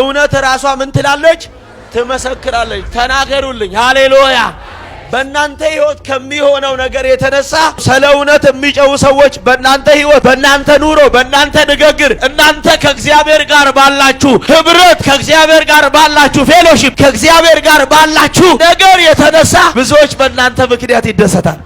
እውነት ራሷ ምን ትላለች? ትመሰክራለች። ተናገሩልኝ። ሃሌሉያ። በእናንተ ህይወት ከሚሆነው ነገር የተነሳ ስለ እውነት የሚጨው ሰዎች በእናንተ ህይወት፣ በእናንተ ኑሮ፣ በእናንተ ንግግር እናንተ ከእግዚአብሔር ጋር ባላችሁ ህብረት፣ ከእግዚአብሔር ጋር ባላችሁ ፌሎሺፕ፣ ከእግዚአብሔር ጋር ባላችሁ ነገር የተነሳ ብዙዎች በእናንተ ምክንያት ይደሰታል።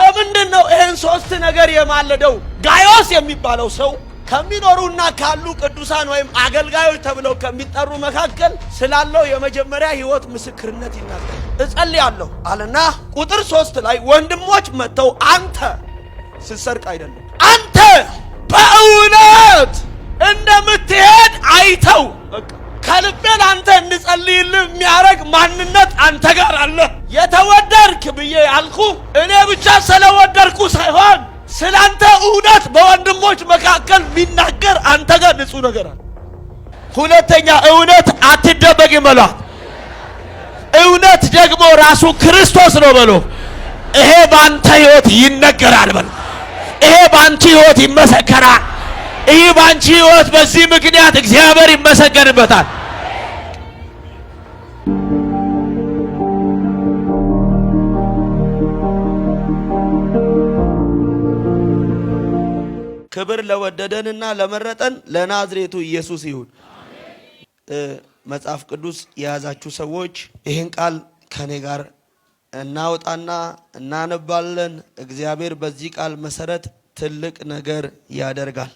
ለምንድን ነው ይህን ሶስት ነገር የማለደው? ጋዮስ የሚባለው ሰው ከሚኖሩና ካሉ ቅዱሳን ወይም አገልጋዮች ተብለው ከሚጠሩ መካከል ስላለው የመጀመሪያ ሕይወት ምስክርነት እጸል እጸልያለሁ አለና ቁጥር ሶስት ላይ ወንድሞች መጥተው አንተ ስትሰርቅ አይደለም አንተ በእውነት እንደምትሄድ አይተው ከልቤን አንተ እንጸልይልህ የሚያደርግ ማንነት አንተ ጋር አለ። የተወደድክ ብዬ ያልኩ እኔ ብቻ ስለወደድኩ ሳይሆን ስላንተ እውነት በወንድሞች መካከል ቢናገር አንተ ጋር ንጹህ ነገር አለ። ሁለተኛ እውነት አትደበቅ በሏት። እውነት ደግሞ ራሱ ክርስቶስ ነው በሎ። ይሄ ባንተ ህይወት ይነገራል በሎ። ይሄ ባንቺ ህይወት ይመሰከራል። ይህ ባንቺ ህይወት በዚህ ምክንያት እግዚአብሔር ይመሰገንበታል። ክብር ለወደደንና ለመረጠን ለናዝሬቱ ኢየሱስ ይሁን። መጽሐፍ ቅዱስ የያዛችሁ ሰዎች ይህን ቃል ከኔ ጋር እናወጣና እናነባለን። እግዚአብሔር በዚህ ቃል መሰረት ትልቅ ነገር ያደርጋል።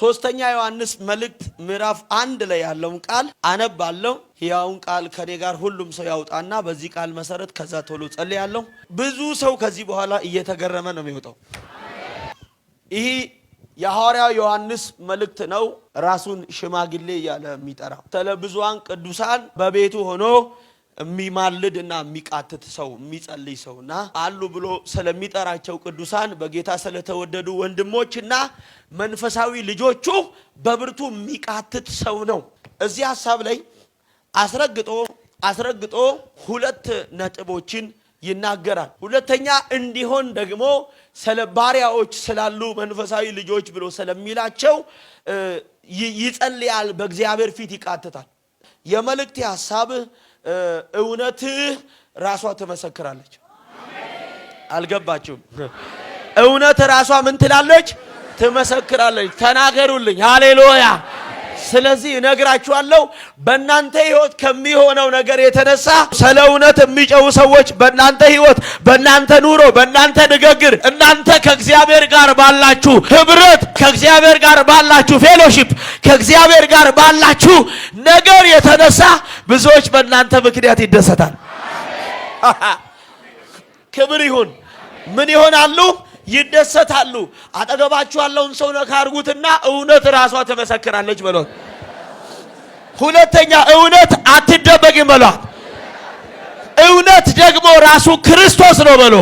ሶስተኛ ዮሐንስ መልእክት ምዕራፍ አንድ ላይ ያለውን ቃል አነባለሁ። ያውን ቃል ከኔ ጋር ሁሉም ሰው ያውጣና በዚህ ቃል መሰረት ከዛ ቶሎ ጸልያለሁ። ብዙ ሰው ከዚህ በኋላ እየተገረመ ነው የሚወጣው። ይሄ የሐዋርያው ዮሐንስ መልእክት ነው። ራሱን ሽማግሌ እያለ የሚጠራው ስለ ቅዱሳን በቤቱ ሆኖ የሚማልድ እና የሚቃትት ሰው የሚጸልይ ሰው እና አሉ ብሎ ስለሚጠራቸው ቅዱሳን በጌታ ስለተወደዱ ወንድሞች እና መንፈሳዊ ልጆቹ በብርቱ የሚቃትት ሰው ነው። እዚህ ሀሳብ ላይ አስረግጦ አስረግጦ ሁለት ነጥቦችን ይናገራል። ሁለተኛ እንዲሆን ደግሞ ስለ ባሪያዎች ስላሉ መንፈሳዊ ልጆች ብሎ ስለሚላቸው ይጸልያል፣ በእግዚአብሔር ፊት ይቃትታል። የመልእክት ሀሳብ እውነትህ ራሷ ትመሰክራለች። አልገባችሁም? እውነት ራሷ ምን ትላለች? ትመሰክራለች። ተናገሩልኝ። ሃሌሉያ ስለዚህ እነግራችኋለሁ በእናንተ ህይወት ከሚሆነው ነገር የተነሳ ስለ እውነት የሚጨው ሰዎች በእናንተ ህይወት፣ በእናንተ ኑሮ፣ በእናንተ ንግግር እናንተ ከእግዚአብሔር ጋር ባላችሁ ህብረት፣ ከእግዚአብሔር ጋር ባላችሁ ፌሎሺፕ፣ ከእግዚአብሔር ጋር ባላችሁ ነገር የተነሳ ብዙዎች በእናንተ ምክንያት ይደሰታል። ክብር ይሁን። ምን ይሆናሉ? ይደሰታሉ። አጠገባችሁ ያለውን ሰው ነካ አድርጉትና እውነት ራሷ ትመሰክራለች በሏት። ሁለተኛ እውነት አትደበቅም በሏት። እውነት ደግሞ ራሱ ክርስቶስ ነው በሎ።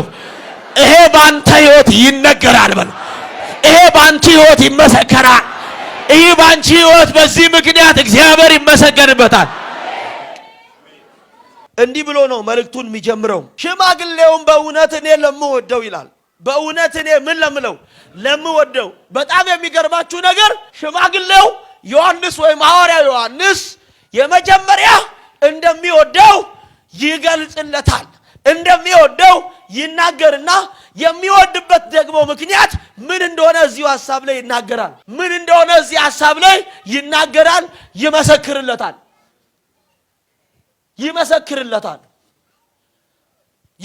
ይሄ በአንተ ህይወት ይነገራል በሎ። ይሄ በአንቺ ህይወት ይመሰከራል። ይህ በአንቺ ህይወት በዚህ ምክንያት እግዚአብሔር ይመሰገንበታል። እንዲህ ብሎ ነው መልእክቱን የሚጀምረው። ሽማግሌውም በእውነት እኔ ለምወደው ይላል በእውነት እኔ ምን ለምለው ለምወደው። በጣም የሚገርማችሁ ነገር ሽማግሌው ዮሐንስ ወይም ሐዋርያ ዮሐንስ የመጀመሪያ እንደሚወደው ይገልጽለታል፣ እንደሚወደው ይናገርና የሚወድበት ደግሞ ምክንያት ምን እንደሆነ እዚሁ ሐሳብ ላይ ይናገራል። ምን እንደሆነ እዚህ ሐሳብ ላይ ይናገራል፣ ይመሰክርለታል፣ ይመሰክርለታል፣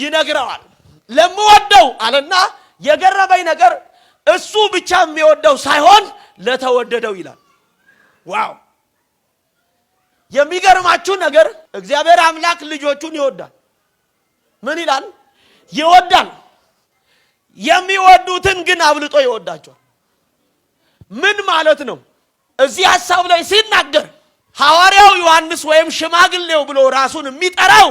ይነግረዋል ለምወደው አለና የገረመኝ ነገር እሱ ብቻ የሚወደው ሳይሆን ለተወደደው ይላል። ዋው! የሚገርማችሁ ነገር እግዚአብሔር አምላክ ልጆቹን ይወዳል። ምን ይላል? ይወዳል። የሚወዱትን ግን አብልጦ ይወዳቸዋል። ምን ማለት ነው? እዚህ ሐሳብ ላይ ሲናገር ሐዋርያው ዮሐንስ ወይም ሽማግሌው ብሎ ራሱን የሚጠራው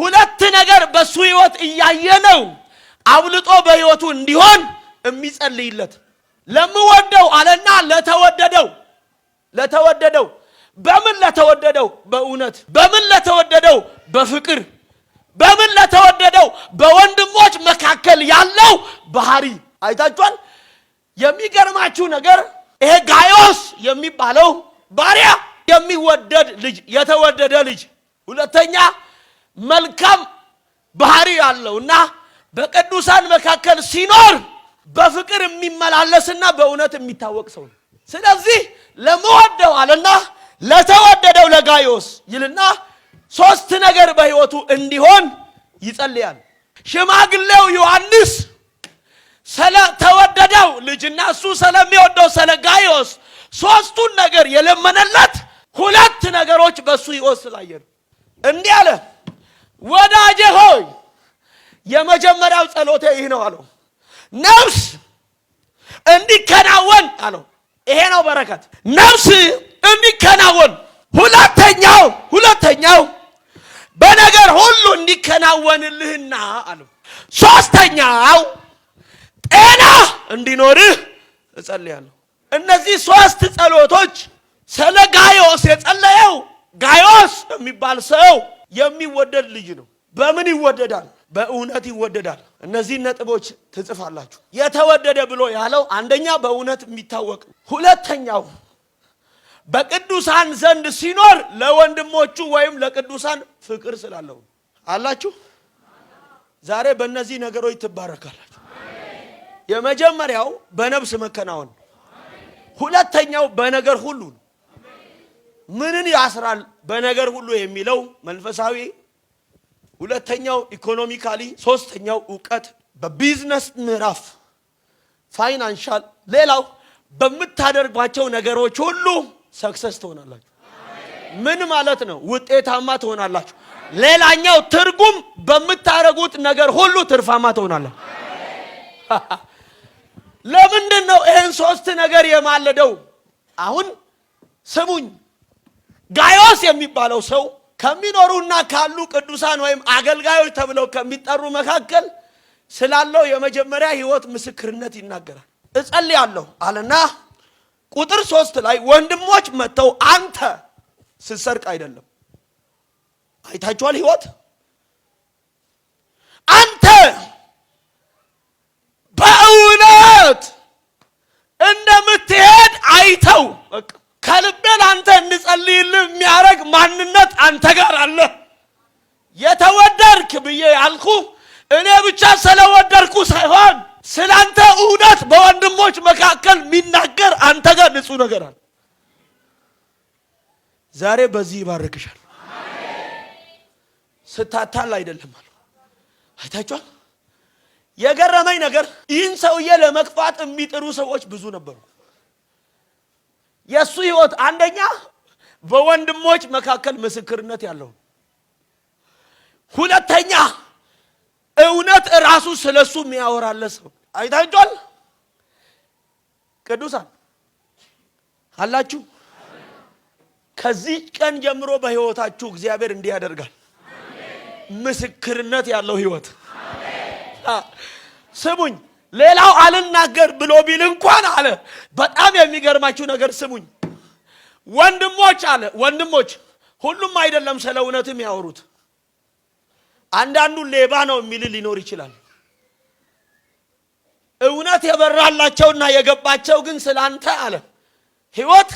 ሁለት ነገር በሱ ሕይወት እያየ ነው። አብልጦ በሕይወቱ እንዲሆን የሚጸልይለት ለምወደው አለና ለተወደደው ለተወደደው በምን ለተወደደው በእውነት በምን ለተወደደው በፍቅር በምን ለተወደደው በወንድሞች መካከል ያለው ባህሪ አይታችኋል። የሚገርማችሁ ነገር ይሄ ጋዮስ የሚባለው ባሪያ የሚወደድ ልጅ የተወደደ ልጅ፣ ሁለተኛ መልካም ባህሪ ያለውና በቅዱሳን መካከል ሲኖር በፍቅር የሚመላለስና በእውነት የሚታወቅ ሰው ነው። ስለዚህ ለመወደው አለና ለተወደደው ለጋዮስ ይልና ሶስት ነገር በህይወቱ እንዲሆን ይጸልያል። ሽማግሌው ዮሐንስ ስለተወደደው ልጅና እሱ ስለሚወደው ስለ ጋዮስ ሶስቱን ነገር የለመነለት ሁለት ነገሮች በእሱ ይወስላየን እንዲህ አለ፣ ወዳጄ ሆይ የመጀመሪያው ጸሎቴ ይህ ነው አለው። ነፍስ እንዲከናወን አለው። ይሄ ነው በረከት፣ ነፍስ እንዲከናወን። ሁለተኛው ሁለተኛው በነገር ሁሉ እንዲከናወንልህና አለው። ሶስተኛው ጤና እንዲኖርህ እጸልያለሁ። እነዚህ ሶስት ጸሎቶች ስለ ጋዮስ የጸለየው ጋዮስ የሚባል ሰው የሚወደድ ልጅ ነው። በምን ይወደዳል? በእውነት ይወደዳል። እነዚህን ነጥቦች ትጽፋላችሁ። የተወደደ ብሎ ያለው አንደኛ በእውነት የሚታወቅ ሁለተኛው በቅዱሳን ዘንድ ሲኖር ለወንድሞቹ ወይም ለቅዱሳን ፍቅር ስላለው አላችሁ። ዛሬ በእነዚህ ነገሮች ትባረካላችሁ። የመጀመሪያው በነብስ መከናወን፣ ሁለተኛው በነገር ሁሉ። ምንን ያስራል? በነገር ሁሉ የሚለው መንፈሳዊ ሁለተኛው ኢኮኖሚካሊ፣ ሶስተኛው እውቀት በቢዝነስ ምዕራፍ ፋይናንሻል፣ ሌላው በምታደርጓቸው ነገሮች ሁሉ ሰክሰስ ትሆናላችሁ። ምን ማለት ነው? ውጤታማ ትሆናላችሁ። ሌላኛው ትርጉም በምታደርጉት ነገር ሁሉ ትርፋማ ትሆናለን። ለምንድን ነው ይህን ሶስት ነገር የማለደው? አሁን ስሙኝ፣ ጋዮስ የሚባለው ሰው ከሚኖሩና ካሉ ቅዱሳን ወይም አገልጋዮች ተብለው ከሚጠሩ መካከል ስላለው የመጀመሪያ ህይወት ምስክርነት ይናገራል። እጸልያለሁ አለና ቁጥር ሶስት ላይ ወንድሞች መጥተው አንተ ስትሰርቅ አይደለም። አይታችኋል። ህይወት አንተ በእውነት እንደምትሄድ አይተው በቃ ከልቤ ለአንተ እንጸልይልህ የሚያደርግ ማንነት አንተ ጋር አለ። የተወደድክ ብዬ ያልኩ እኔ ብቻ ስለወደድኩ ሳይሆን ስላንተ እውነት በወንድሞች መካከል የሚናገር አንተ ጋር ንጹህ ነገር አለ። ዛሬ በዚህ ይባርክሻል። ስታታል አይደለም አሉ። አይታችኋል። የገረመኝ ነገር ይህን ሰውዬ ለመክፋት የሚጥሩ ሰዎች ብዙ ነበሩ። የእሱ ህይወት አንደኛ በወንድሞች መካከል ምስክርነት ያለው፣ ሁለተኛ እውነት ራሱ ስለ እሱ የሚያወራለት ሰው አይታችኋል። ቅዱሳን አላችሁ። ከዚህ ቀን ጀምሮ በህይወታችሁ እግዚአብሔር እንዲህ ያደርጋል። ምስክርነት ያለው ህይወት ስሙኝ። ሌላው አልናገር ብሎ ቢል እንኳን አለ። በጣም የሚገርማችሁ ነገር ስሙኝ ወንድሞች አለ ወንድሞች፣ ሁሉም አይደለም ስለ እውነት የሚያወሩት። አንዳንዱ ሌባ ነው የሚል ሊኖር ይችላል። እውነት የበራላቸውና የገባቸው ግን ስላንተ አለ ህይወት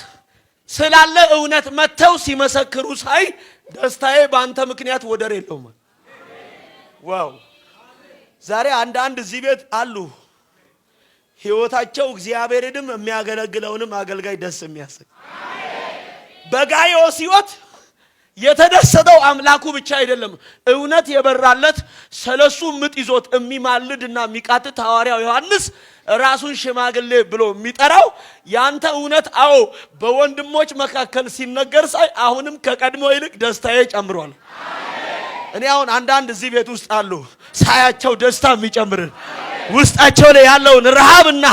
ስላለ እውነት መጥተው ሲመሰክሩ ሳይ ደስታዬ በአንተ ምክንያት ወደር የለውም። ዋው ዛሬ አንዳንድ እዚህ ቤት አሉ ህይወታቸው እግዚአብሔርንም የሚያገለግለውንም አገልጋይ ደስ የሚያሰኝ በጋዮስ ህይወት የተደሰተው አምላኩ ብቻ አይደለም፣ እውነት የበራለት ሰለሱ ምጥ ይዞት የሚማልድ ና የሚቃትት ሐዋርያው ዮሐንስ ራሱን ሽማግሌ ብሎ የሚጠራው ያንተ እውነት አዎ በወንድሞች መካከል ሲነገር ሳይ አሁንም ከቀድሞ ይልቅ ደስታዬ ጨምሯል። እኔ አሁን አንዳንድ እዚህ ቤት ውስጥ አሉ ሳያቸው ደስታ የሚጨምርን ውስጣቸው ላይ ያለውን ረሃብና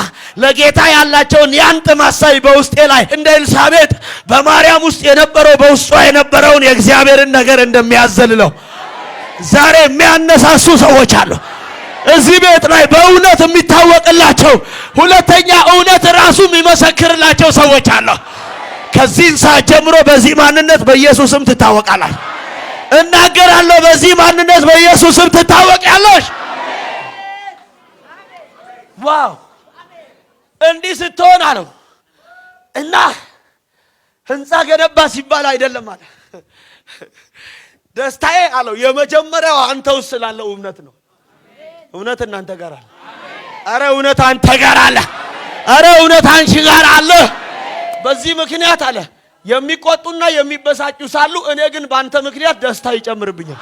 ለጌታ ያላቸውን ያን ጥም ሐሳቢ በውስጤ ላይ እንደ ኤልሳቤጥ በማርያም ውስጥ የነበረው በውስጧ የነበረውን የእግዚአብሔርን ነገር እንደሚያዘልለው ዛሬ የሚያነሳሱ ሰዎች አሉ። እዚህ ቤት ላይ በእውነት የሚታወቅላቸው ሁለተኛ እውነት ራሱ የሚመሰክርላቸው ሰዎች አሉ። ከዚህን ሰዓት ጀምሮ በዚህ ማንነት በኢየሱስም ትታወቃላች። እናገራለሁ። በዚህ ማንነት በኢየሱስም ትታወቂያለሽ። ዋው እንዲህ ስትሆን አለው እና ህንፃ ገነባ ሲባል አይደለም አለ ደስታዬ አለው የመጀመሪያው አንተ ውስጥ ስላለው እምነት ነው። እውነት እናንተ ጋር አለ። አረ እውነት አንተ ጋር አለ። አረ እውነት አንቺ ጋር አለ። በዚህ ምክንያት አለ የሚቆጡና የሚበሳጩ ሳሉ፣ እኔ ግን በአንተ ምክንያት ደስታ ይጨምርብኛል።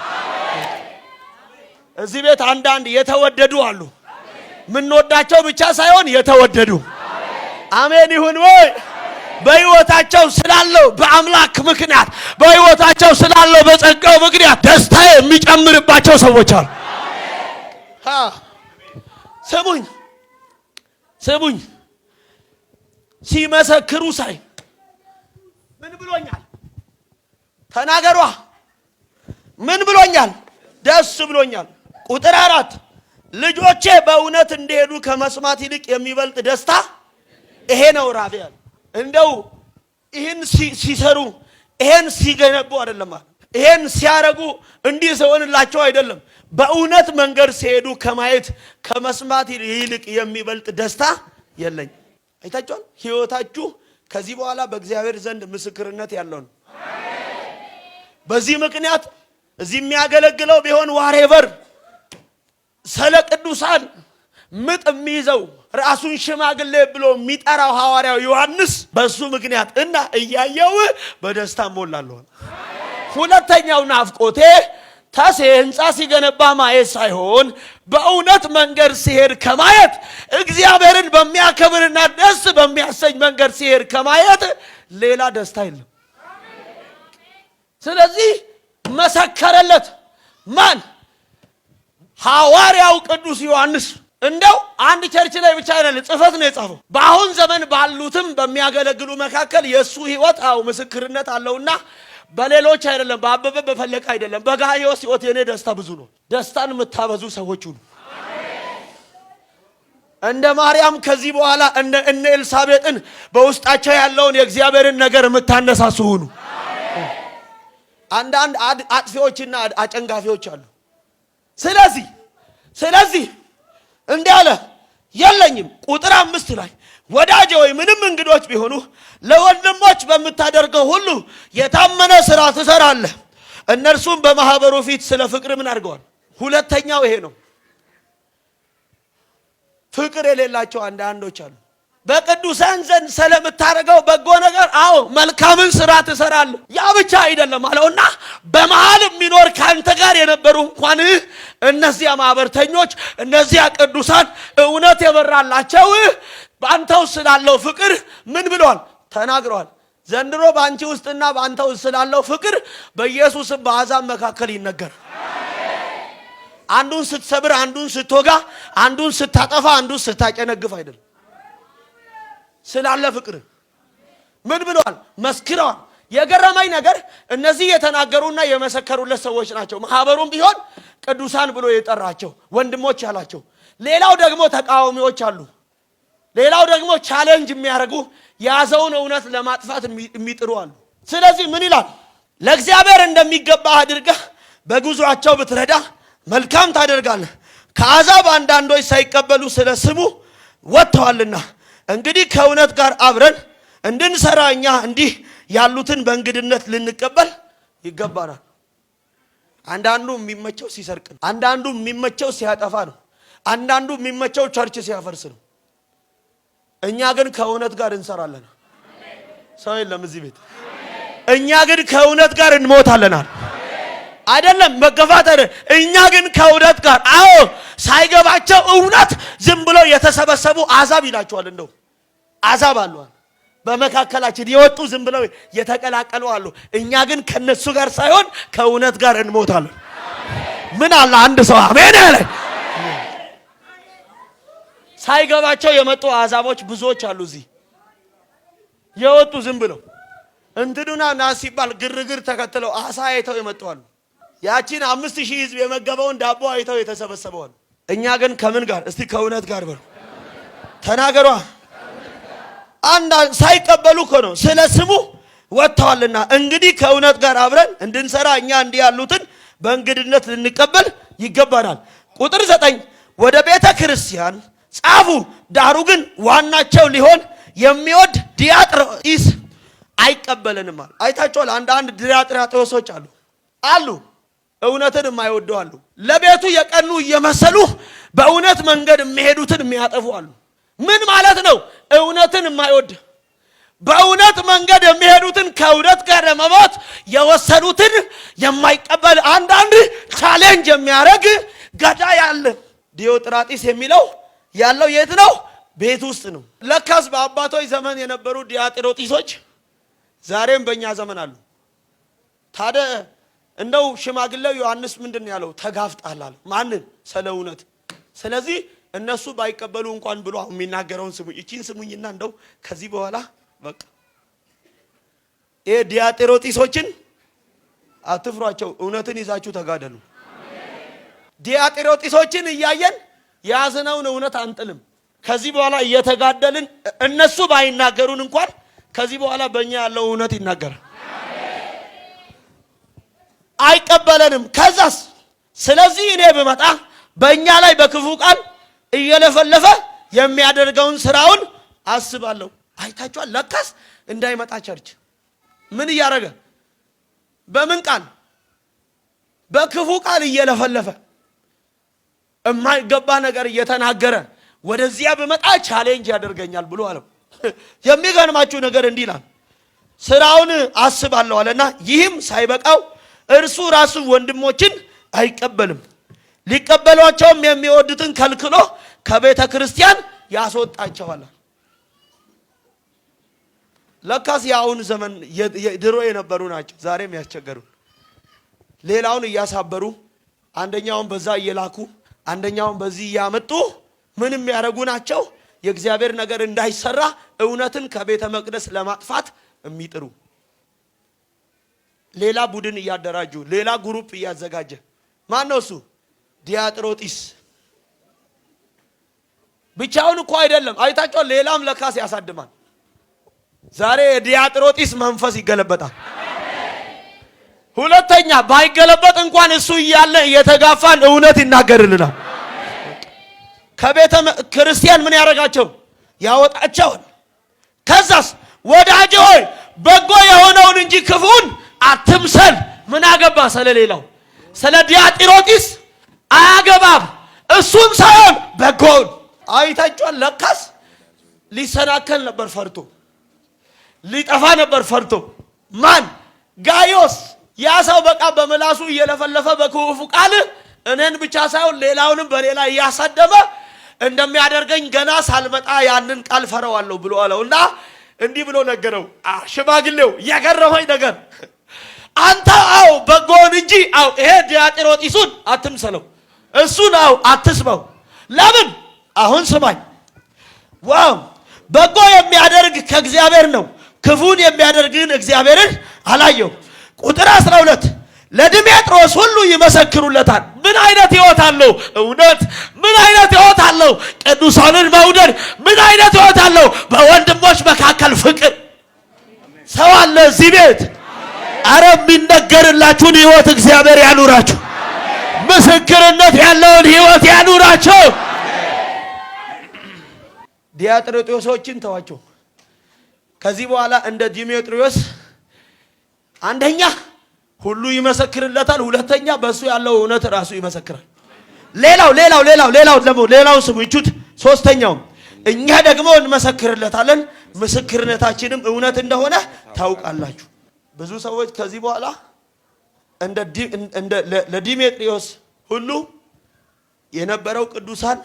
እዚህ ቤት አንዳንድ የተወደዱ አሉ የምንወዳቸው ብቻ ሳይሆን የተወደዱ አሜን ይሁን ወይ? በሕይወታቸው ስላለው በአምላክ ምክንያት በሕይወታቸው ስላለው በጸጋው ምክንያት ደስታ የሚጨምርባቸው ሰዎች አሉ። ስሙኝ ስሙኝ፣ ሲመሰክሩ ሳይ ምን ብሎኛል? ተናገሯ ምን ብሎኛል? ደስ ብሎኛል። ቁጥር አራት ልጆቼ በእውነት እንደሄዱ ከመስማት ይልቅ የሚበልጥ ደስታ ይሄ ነው። ራቢ እንደው ይህን ሲሰሩ ይሄን ሲገነቡ አይደለም ይሄን ሲያረጉ እንዲህ ሲሆንላቸው አይደለም። በእውነት መንገድ ሲሄዱ ከማየት ከመስማት ይልቅ የሚበልጥ ደስታ የለኝ። አይታችኋል። ህይወታችሁ ከዚህ በኋላ በእግዚአብሔር ዘንድ ምስክርነት ያለው ነው። በዚህ ምክንያት እዚህ የሚያገለግለው ቢሆን ዋሬቨር ስለ ቅዱሳን ምጥ የሚይዘው ራሱን ሽማግሌ ብሎ የሚጠራው ሐዋርያው ዮሐንስ በሱ ምክንያት እና እያየው በደስታ ሞላለሁ። ሁለተኛው ናፍቆቴ ተሴ ህንፃ ሲገነባ ማየት ሳይሆን በእውነት መንገድ ሲሄድ ከማየት እግዚአብሔርን በሚያከብርና ደስ በሚያሰኝ መንገድ ሲሄድ ከማየት ሌላ ደስታ የለም። ስለዚህ መሰከረለት ማን ሐዋርያው ቅዱስ ዮሐንስ እንደው አንድ ቸርች ላይ ብቻ አይደለም ጽፈት ነው የጻፈው። በአሁን ዘመን ባሉትም በሚያገለግሉ መካከል የእሱ ህይወት አው ምስክርነት አለውና በሌሎች አይደለም፣ በአበበ በፈለቀ አይደለም፣ በጋዮስ ህይወት የኔ ደስታ ብዙ ነው። ደስታን የምታበዙ ሰዎች ሁሉ እንደ ማርያም ከዚህ በኋላ እነ ኤልሳቤጥን በውስጣቸው ያለውን የእግዚአብሔርን ነገር የምታነሳሱ ሁኑ። አንዳንድ አጥፊዎችና አጨንጋፊዎች አሉ። ስለዚህ ስለዚህ እንዲህ የለኝም። ቁጥር አምስት ላይ ወዳጄ ወይ ምንም እንግዶች ቢሆኑ ለወንድሞች በምታደርገው ሁሉ የታመነ ስራ ትሰራለህ። እነርሱም በማህበሩ ፊት ስለ ፍቅር ምን አድርገዋል? ሁለተኛው ይሄ ነው። ፍቅር የሌላቸው አንዳንዶች አሉ። በቅዱሳን ዘንድ ስለምታደርገው በጎ ነገር አዎ መልካምን ስራ ትሰራለ? ያ ብቻ አይደለም አለውና በመሃል የሚኖር ከአንተ ጋር የነበሩ እንኳን እነዚያ ማህበርተኞች እነዚያ ቅዱሳን እውነት የበራላቸው ውስጥ ስላለው ፍቅር ምን ብለዋል ተናግረዋል። ዘንድሮ በአንቺ ውስጥና በአንተ ውስጥ ስላለው ፍቅር በኢየሱስም በአሕዛብ መካከል ይነገር። አንዱን ስትሰብር፣ አንዱን ስትወጋ፣ አንዱን ስታጠፋ፣ አንዱን ስታጨነግፍ አይደለም ስላለ ፍቅር ምን ብለዋል? መስክረዋል። የገረመኝ ነገር እነዚህ የተናገሩና የመሰከሩለት ሰዎች ናቸው። ማህበሩም ቢሆን ቅዱሳን ብሎ የጠራቸው ወንድሞች ያላቸው። ሌላው ደግሞ ተቃዋሚዎች አሉ። ሌላው ደግሞ ቻሌንጅ የሚያደርጉ የያዘውን እውነት ለማጥፋት የሚጥሩ አሉ። ስለዚህ ምን ይላል? ለእግዚአብሔር እንደሚገባ አድርገህ በጉዟቸው ብትረዳ መልካም ታደርጋለህ። ከአሕዛብ አንዳንዶች ሳይቀበሉ ስለ ስሙ ወጥተዋልና እንግዲህ ከእውነት ጋር አብረን እንድንሰራ እኛ እንዲህ ያሉትን በእንግድነት ልንቀበል ይገባናል። አንዳንዱ የሚመቸው ሲሰርቅ ነው። አንዳንዱ የሚመቸው ሲያጠፋ ነው። አንዳንዱ የሚመቸው ቸርች ሲያፈርስ ነው። እኛ ግን ከእውነት ጋር እንሰራለን። ሰው የለም እዚህ ቤት። እኛ ግን ከእውነት ጋር እንሞታለናል። አይደለም መገፋት አይደለም። እኛ ግን ከእውነት ጋር አዎ ሳይገባቸው እውነት ዝም ብለው የተሰበሰቡ አዛብ ይላቸዋል። እንደው አዛብ አሉ በመካከላችን የወጡ ዝም ብለው የተቀላቀሉ አሉ። እኛ ግን ከነሱ ጋር ሳይሆን ከእውነት ጋር እንሞታለን። ምን አለ አንድ ሰው አሜን አለ። ሳይገባቸው የመጡ አዛቦች ብዙዎች አሉ። እዚህ የወጡ ዝም ብለው እንትዱና ና ሲባል ግርግር ተከትለው አሳ አይተው የመጡ አሉ። ያቺን አምስት ሺህ ህዝብ የመገበውን ዳቦ አይተው የተሰበሰበዋል። እኛ ግን ከምን ጋር እስቲ ከእውነት ጋር በሉ ተናገሯ። አንድ ሳይቀበሉ እኮ ነው ስለ ስሙ ወጥተዋልና፣ እንግዲህ ከእውነት ጋር አብረን እንድንሰራ እኛ እንዲህ ያሉትን በእንግድነት ልንቀበል ይገባናል። ቁጥር ዘጠኝ ወደ ቤተ ክርስቲያን ጻፉ፣ ዳሩ ግን ዋናቸው ሊሆን የሚወድ ዲያጥሮኢስ አይቀበለንም። አይታችኋል። አንዳንድ ዲያጥራጦሶች አሉ አሉ እውነትን የማይወዱ አሉ። ለቤቱ የቀኑ እየመሰሉ በእውነት መንገድ የሚሄዱትን የሚያጠፉ አሉ። ምን ማለት ነው? እውነትን የማይወድ በእውነት መንገድ የሚሄዱትን ከእውነት ጋር ለመሞት የወሰኑትን የማይቀበል አንዳንድ ቻሌንጅ የሚያደርግ ገዳ ያለ ዲዮጥራጢስ የሚለው ያለው የት ነው? ቤት ውስጥ ነው። ለካስ በአባቶች ዘመን የነበሩ ዲያጥሮጢሶች ዛሬም በእኛ ዘመን አሉ። ታዲያ እንደው ሽማግሌው ዮሐንስ ምንድን ነው ያለው? ተጋፍጣል አለ። ማንን? ስለ እውነት። ስለዚህ እነሱ ባይቀበሉ እንኳን ብሎ አሁን የሚናገረውን ስሙኝ፣ እቺን ስሙኝና እንደው ከዚህ በኋላ በቃ ይሄ ዲያጤሮጢሶችን አትፍሯቸው፣ እውነትን ይዛችሁ ተጋደሉ። ዲያጤሮጢሶችን እያየን የያዝነውን እውነት አንጥልም። ከዚህ በኋላ እየተጋደልን እነሱ ባይናገሩን እንኳን ከዚህ በኋላ በእኛ ያለው እውነት ይናገራል። አይቀበለንም። ከዛስ ስለዚህ እኔ ብመጣ በእኛ ላይ በክፉ ቃል እየለፈለፈ የሚያደርገውን ስራውን አስባለሁ። አይታችኋል። ለካስ እንዳይመጣ ቸርች ምን እያደረገ በምን ቃል በክፉ ቃል እየለፈለፈ የማይገባ ነገር እየተናገረ ወደዚያ ብመጣ ቻሌንጅ ያደርገኛል ብሎ አለው። የሚገርማችሁ ነገር እንዲህ ይላል፣ ስራውን አስባለሁ አለና ይህም ሳይበቃው እርሱ ራሱ ወንድሞችን አይቀበልም። ሊቀበሏቸውም የሚወዱትን ከልክሎ ከቤተ ክርስቲያን ያስወጣቸዋል። ለካስ የአሁኑ ዘመን ድሮ የነበሩ ናቸው ዛሬም ያስቸገሩ ሌላውን እያሳበሩ አንደኛውን በዛ እየላኩ አንደኛውን በዚህ እያመጡ ምንም ያደረጉ ናቸው። የእግዚአብሔር ነገር እንዳይሰራ እውነትን ከቤተ መቅደስ ለማጥፋት የሚጥሩ ሌላ ቡድን እያደራጁ ሌላ ግሩፕ እያዘጋጀ ማን ነው እሱ? ዲያጥሮጢስ ብቻውን እኮ አይደለም። አይታቸው ሌላም ለካስ ያሳድማል። ዛሬ የዲያጥሮጢስ መንፈስ ይገለበጣል። ሁለተኛ ባይገለበጥ እንኳን እሱ እያለ እየተጋፋን እውነት ይናገርልናል። ከቤተ ክርስቲያን ምን ያደረጋቸው ያወጣቸውን። ከዛስ ወዳጅ ሆይ በጎ የሆነውን እንጂ ክፉን አትምሰል። ምን አገባ ስለ ሌላው ስለ ዲያጢሮጢስ አያገባም። እሱም ሳይሆን በጎን አይታችኋል። ለካስ ሊሰናከል ነበር ፈርቶ፣ ሊጠፋ ነበር ፈርቶ። ማን ጋዮስ ያ ሰው በቃ በምላሱ እየለፈለፈ በክፉ ቃል እኔን ብቻ ሳይሆን ሌላውንም በሌላ እያሳደበ እንደሚያደርገኝ ገና ሳልመጣ ያንን ቃል ፈረዋለሁ ብሎ አለው እና እንዲህ ብሎ ነገረው ሽማግሌው የገረመኝ ነገር አንተ አው በጎን እንጂ አው ይሄ ዲያጥሮጢሱን አትምሰለው፣ እሱን አው አትስበው። ለምን? አሁን ስማኝ። ዋው በጎ የሚያደርግ ከእግዚአብሔር ነው፣ ክፉን የሚያደርግን እግዚአብሔርን አላየው። ቁጥር 12 ለድሜጥሮስ ሁሉ ይመሰክሩለታል። ምን አይነት ሕይወት አለው? እውነት ምን አይነት ሕይወት አለው? ቅዱሳንን መውደድ። ምን አይነት ሕይወት አለው? በወንድሞች መካከል ፍቅር። ሰው አለ እዚህ ቤት አረ የሚነገርላችሁን ህይወት እግዚአብሔር ያኑራችሁ። ምስክርነት ያለውን ህይወት ያኑራቸው። ዲያጥሮጦሶችን ተዋቸው። ከዚህ በኋላ እንደ ዲሜጥሪዮስ አንደኛ ሁሉ ይመሰክርለታል፣ ሁለተኛ በእሱ ያለው እውነት ራሱ ይመሰክራል። ሌላው ሌላው ሌላው ሌላው ደግሞ ሌላው ስሙ ይቹት። ሶስተኛውም እኛ ደግሞ እንመሰክርለታለን፣ ምስክርነታችንም እውነት እንደሆነ ታውቃላችሁ። ብዙ ሰዎች ከዚህ በኋላ እንደ ለዲሜጥሪዮስ ሁሉ የነበረው ቅዱሳን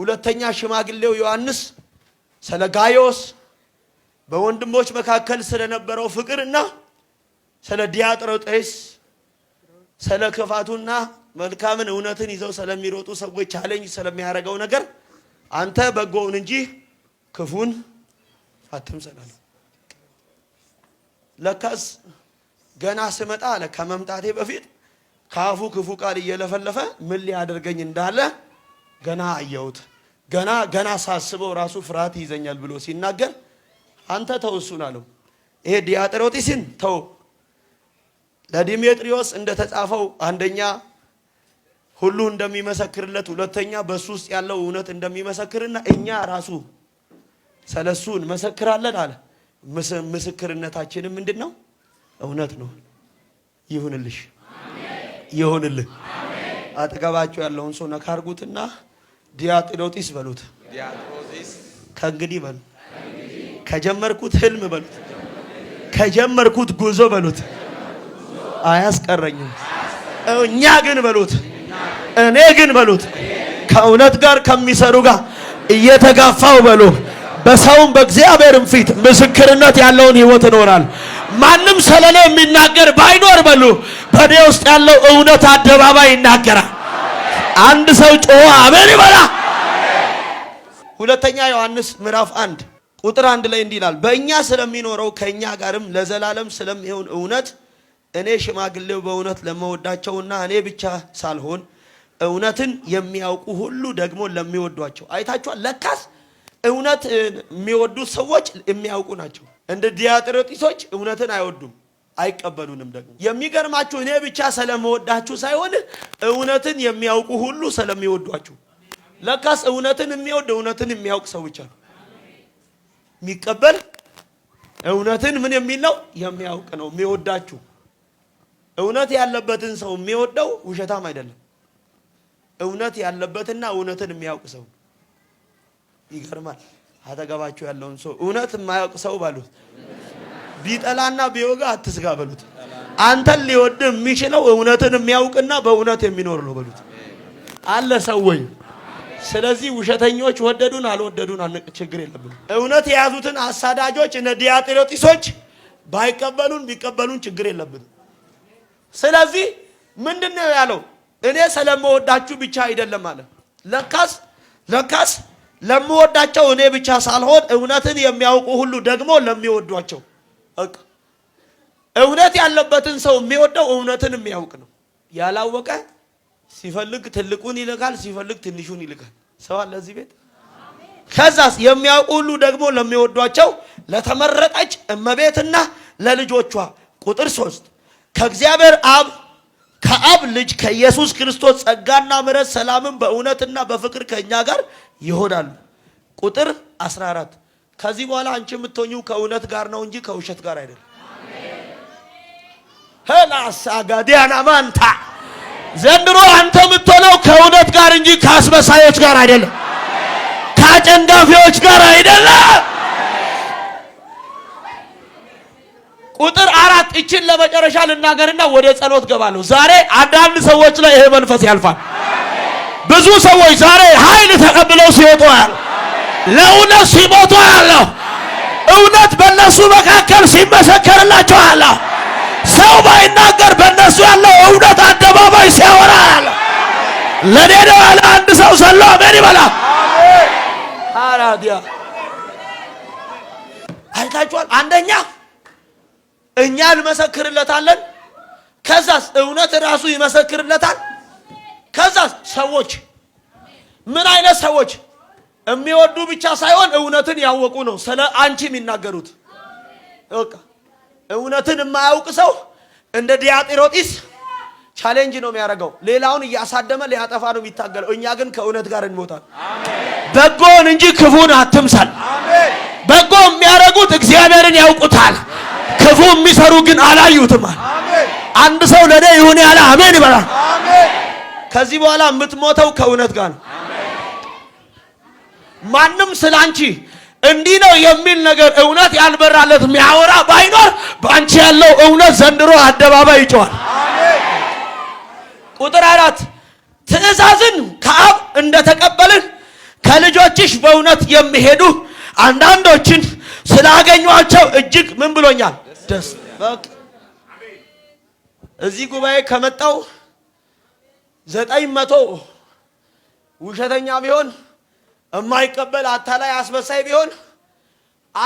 ሁለተኛ ሽማግሌው ዮሐንስ ስለ ጋዮስ በወንድሞች መካከል ስለነበረው ፍቅርና ስለ ዲያጥሮጤስ ስለ ክፋቱና መልካምን እውነትን ይዘው ስለሚሮጡ ሰዎች አለኝ ስለሚያደርገው ነገር አንተ በጎውን እንጂ ክፉን አትምሰላል። ለካስ ገና ስመጣ አለ ከመምጣቴ በፊት ከአፉ ክፉ ቃል እየለፈለፈ ምን ሊያደርገኝ እንዳለ ገና አየሁት። ገና ገና ሳስበው ራሱ ፍርሃት ይዘኛል ብሎ ሲናገር አንተ ተው እሱን አለው። ይሄ ዲያጥሮጢስን ተው ለዲሜጥሪዮስ እንደተጻፈው አንደኛ ሁሉ እንደሚመሰክርለት፣ ሁለተኛ በእሱ ውስጥ ያለው እውነት እንደሚመሰክርና እኛ ራሱ ስለሱ እንመሰክራለን አለ። ምስክርነታችንም ምንድን ነው? እውነት ነው። ይሁንልሽ፣ ይሁንልህ። አጠገባቸው ያለውን ሰው ነካርጉትና ዲያጥሎጢስ በሉት። ከእንግዲህ በሉ፣ ከጀመርኩት ህልም በሉት፣ ከጀመርኩት ጉዞ በሉት፣ አያስቀረኝም። እኛ ግን በሉት፣ እኔ ግን በሉት፣ ከእውነት ጋር ከሚሰሩ ጋር እየተጋፋው በሉ በሰውም በእግዚአብሔርም ፊት ምስክርነት ያለውን ህይወት ይኖራል። ማንም ስለኔ የሚናገር ባይኖር በሉ በእኔ ውስጥ ያለው እውነት አደባባይ ይናገራል። አንድ ሰው ጮኸ አሜን ይበላ። ሁለተኛ ዮሐንስ ምዕራፍ አንድ ቁጥር አንድ ላይ እንዲህ ይላል፣ በእኛ ስለሚኖረው ከእኛ ጋርም ለዘላለም ስለሚሆን እውነት እኔ ሽማግሌው በእውነት ለመወዳቸውና እኔ ብቻ ሳልሆን እውነትን የሚያውቁ ሁሉ ደግሞ ለሚወዷቸው አይታችኋል ለካስ እውነት የሚወዱ ሰዎች የሚያውቁ ናቸው። እንደ ዲያጥሮጢሶች እውነትን አይወዱም፣ አይቀበሉንም። ደግሞ የሚገርማችሁ እኔ ብቻ ስለመወዳችሁ ሳይሆን እውነትን የሚያውቁ ሁሉ ስለሚወዷችሁ። ለካስ እውነትን የሚወድ እውነትን የሚያውቅ ሰው ብቻ ነው የሚቀበል እውነትን ምን የሚል ነው የሚያውቅ ነው የሚወዳችሁ። እውነት ያለበትን ሰው የሚወደው ውሸታም አይደለም፣ እውነት ያለበትና እውነትን የሚያውቅ ሰው ይገርማል። አጠገባችሁ ያለውን ሰው እውነት የማያውቅ ሰው በሉት። ቢጠላና ቢወጋ አትስጋ በሉት። አንተን ሊወድ የሚችለው እውነትን የሚያውቅና በእውነት የሚኖር ነው በሉት። አለ ሰው ወይ? ስለዚህ ውሸተኞች ወደዱን አልወደዱን አንቅ ችግር የለብን። እውነት የያዙትን አሳዳጆች እነ ባይቀበሉን ቢቀበሉን ችግር የለብን። ስለዚህ ምንድን ነው ያለው? እኔ ስለመወዳችሁ ብቻ አይደለም አለ። ለካስ ለካስ ለምወዳቸው እኔ ብቻ ሳልሆን እውነትን የሚያውቁ ሁሉ ደግሞ ለሚወዷቸው እውነት ያለበትን ሰው የሚወደው እውነትን የሚያውቅ ነው። ያላወቀ ሲፈልግ ትልቁን ይልካል፣ ሲፈልግ ትንሹን ይልካል። ሰው አለ እዚህ ቤት። ከዛስ የሚያውቁ ሁሉ ደግሞ ለሚወዷቸው ለተመረጠች እመቤትና ለልጆቿ ቁጥር ሶስት ከእግዚአብሔር አብ ከአብ ልጅ ከኢየሱስ ክርስቶስ ጸጋና ምሕረት ሰላምን በእውነትና በፍቅር ከእኛ ጋር ይሆናሉ። ቁጥር 14 ከዚህ በኋላ አንቺ የምትሆኚው ከእውነት ጋር ነው እንጂ ከውሸት ጋር አይደለም። ሄላስ አጋዲያና ማንታ ዘንድሮ አንተ የምትሆነው ከእውነት ጋር እንጂ ከአስመሳዮች ጋር አይደለም፣ ከአጨንዳፊዎች ጋር አይደለም። ቁጥር አራት እችን ለመጨረሻ ልናገርና ወደ ጸሎት ገባለሁ። ዛሬ አንዳንድ ሰዎች ላይ ይሄ መንፈስ ያልፋል። ብዙ ሰዎች ዛሬ ኃይል ተቀብለው ሲወጡ ያለ ለእውነት ሲሞቱ ያለሁ እውነት በእነሱ መካከል ሲመሰከርላቸው አለሁ። ሰው ባይናገር በእነሱ ያለው እውነት አደባባይ ሲያወራ ያለሁ። ለእኔ ነው ያለ አንድ ሰው ሰሎ አሜን ይበላ። አራዲያ አይታችኋል። አንደኛ እኛ እንመሰክርለታለን። ከዛስ እውነት ራሱ ይመሰክርለታል። ከዛ ሰዎች ምን አይነት ሰዎች የሚወዱ ብቻ ሳይሆን እውነትን ያወቁ ነው ስለ አንቺ የሚናገሩት። እውነትን የማያውቅ ሰው እንደ ዲያጢሮጢስ ቻሌንጅ ነው የሚያደርገው። ሌላውን እያሳደመ ሊያጠፋ ነው የሚታገለው። እኛ ግን ከእውነት ጋር እንሞታል። በጎን እንጂ ክፉን አትምሰል። በጎ የሚያደርጉት እግዚአብሔርን ያውቁታል። ክፉ የሚሰሩ ግን አላዩትም። አንድ ሰው ለእኔ ይሁን ያለ አሜን ይበላል። ከዚህ በኋላ የምትሞተው ከእውነት ጋር ነው። ማንም ስለ አንቺ እንዲህ ነው የሚል ነገር እውነት ያልበራለት የሚያወራ ባይኖር በአንቺ ያለው እውነት ዘንድሮ አደባባይ ይጮሃል። ቁጥር አራት ትእዛዝን ከአብ እንደተቀበልን ከልጆችሽ በእውነት የሚሄዱ አንዳንዶችን ስላገኟቸው እጅግ ምን ብሎኛል? ደስ እዚህ ጉባኤ ከመጣው ዘጠኝ መቶ ውሸተኛ ቢሆን የማይቀበል አታላይ አስመሳይ ቢሆን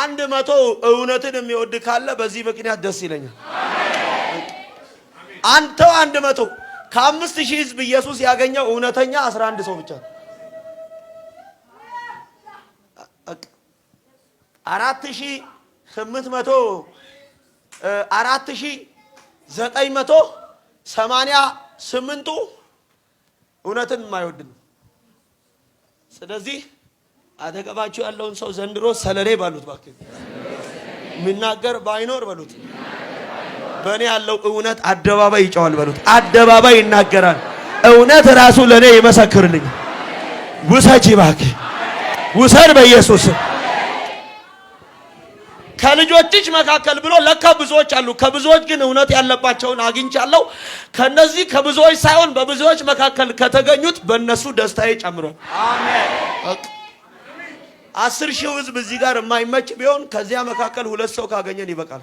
አንድ መቶ እውነትን የሚወድ ካለ በዚህ ምክንያት ደስ ይለኛል። አንተው አንድ መቶ ከአምስት ሺህ ህዝብ ኢየሱስ ያገኘው እውነተኛ አስራ አንድ ሰው ብቻ ነው። አራት ሺህ ስምንት መቶ አራት ሺህ ዘጠኝ መቶ ሰማንያ ስምንቱ እውነትን የማይወድ ነው። ስለዚህ አጠገባችሁ ያለውን ሰው ዘንድሮ ሰለሌ ባሉት ባክ የሚናገር ባይኖር በሉት፣ በእኔ ያለው እውነት አደባባይ ይጨዋል በሉት፣ አደባባይ ይናገራል። እውነት ራሱ ለእኔ ይመሰክርልኝ። ውሰጂ እባክህ ውሰድ፣ በኢየሱስ ከልጆችሽ መካከል ብሎ ለካ ብዙዎች አሉ። ከብዙዎች ግን እውነት ያለባቸውን አግኝቻለሁ። ከነዚህ ከብዙዎች ሳይሆን በብዙዎች መካከል ከተገኙት በእነሱ ደስታዬ ጨምሯል። አስር ሺህ ህዝብ እዚህ ጋር የማይመች ቢሆን ከዚያ መካከል ሁለት ሰው ካገኘን ይበቃል።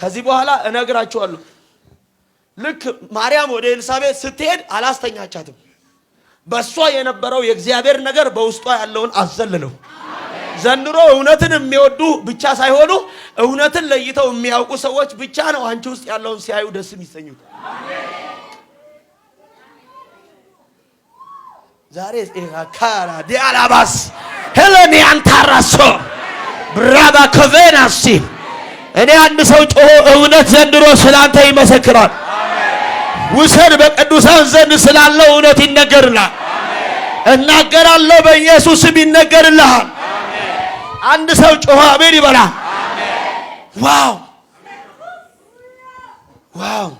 ከዚህ በኋላ እነግራችኋለሁ። ልክ ማርያም ወደ ኤልሳቤት ስትሄድ አላስተኛቻትም። በእሷ የነበረው የእግዚአብሔር ነገር በውስጧ ያለውን አዘልለው ዘንድሮ እውነትን የሚወዱ ብቻ ሳይሆኑ እውነትን ለይተው የሚያውቁ ሰዎች ብቻ ነው አንቺ ውስጥ ያለውን ሲያዩ ደስ የሚሰኙት። ዛሬ ካራ ዲአላባስ ሄለን ያንታራሶ ብራባ ኮቬናሲ እኔ አንድ ሰው ጮሆ እውነት ዘንድሮ ስላንተ ይመሰክራል። ውሰድ በቅዱሳን ዘንድ ስላለው እውነት ይነገርልሃል። እናገራለሁ በኢየሱስም ይነገርልሃል። አንድ ሰው ጮኸ አሜን ይበላ። ዋው ዋው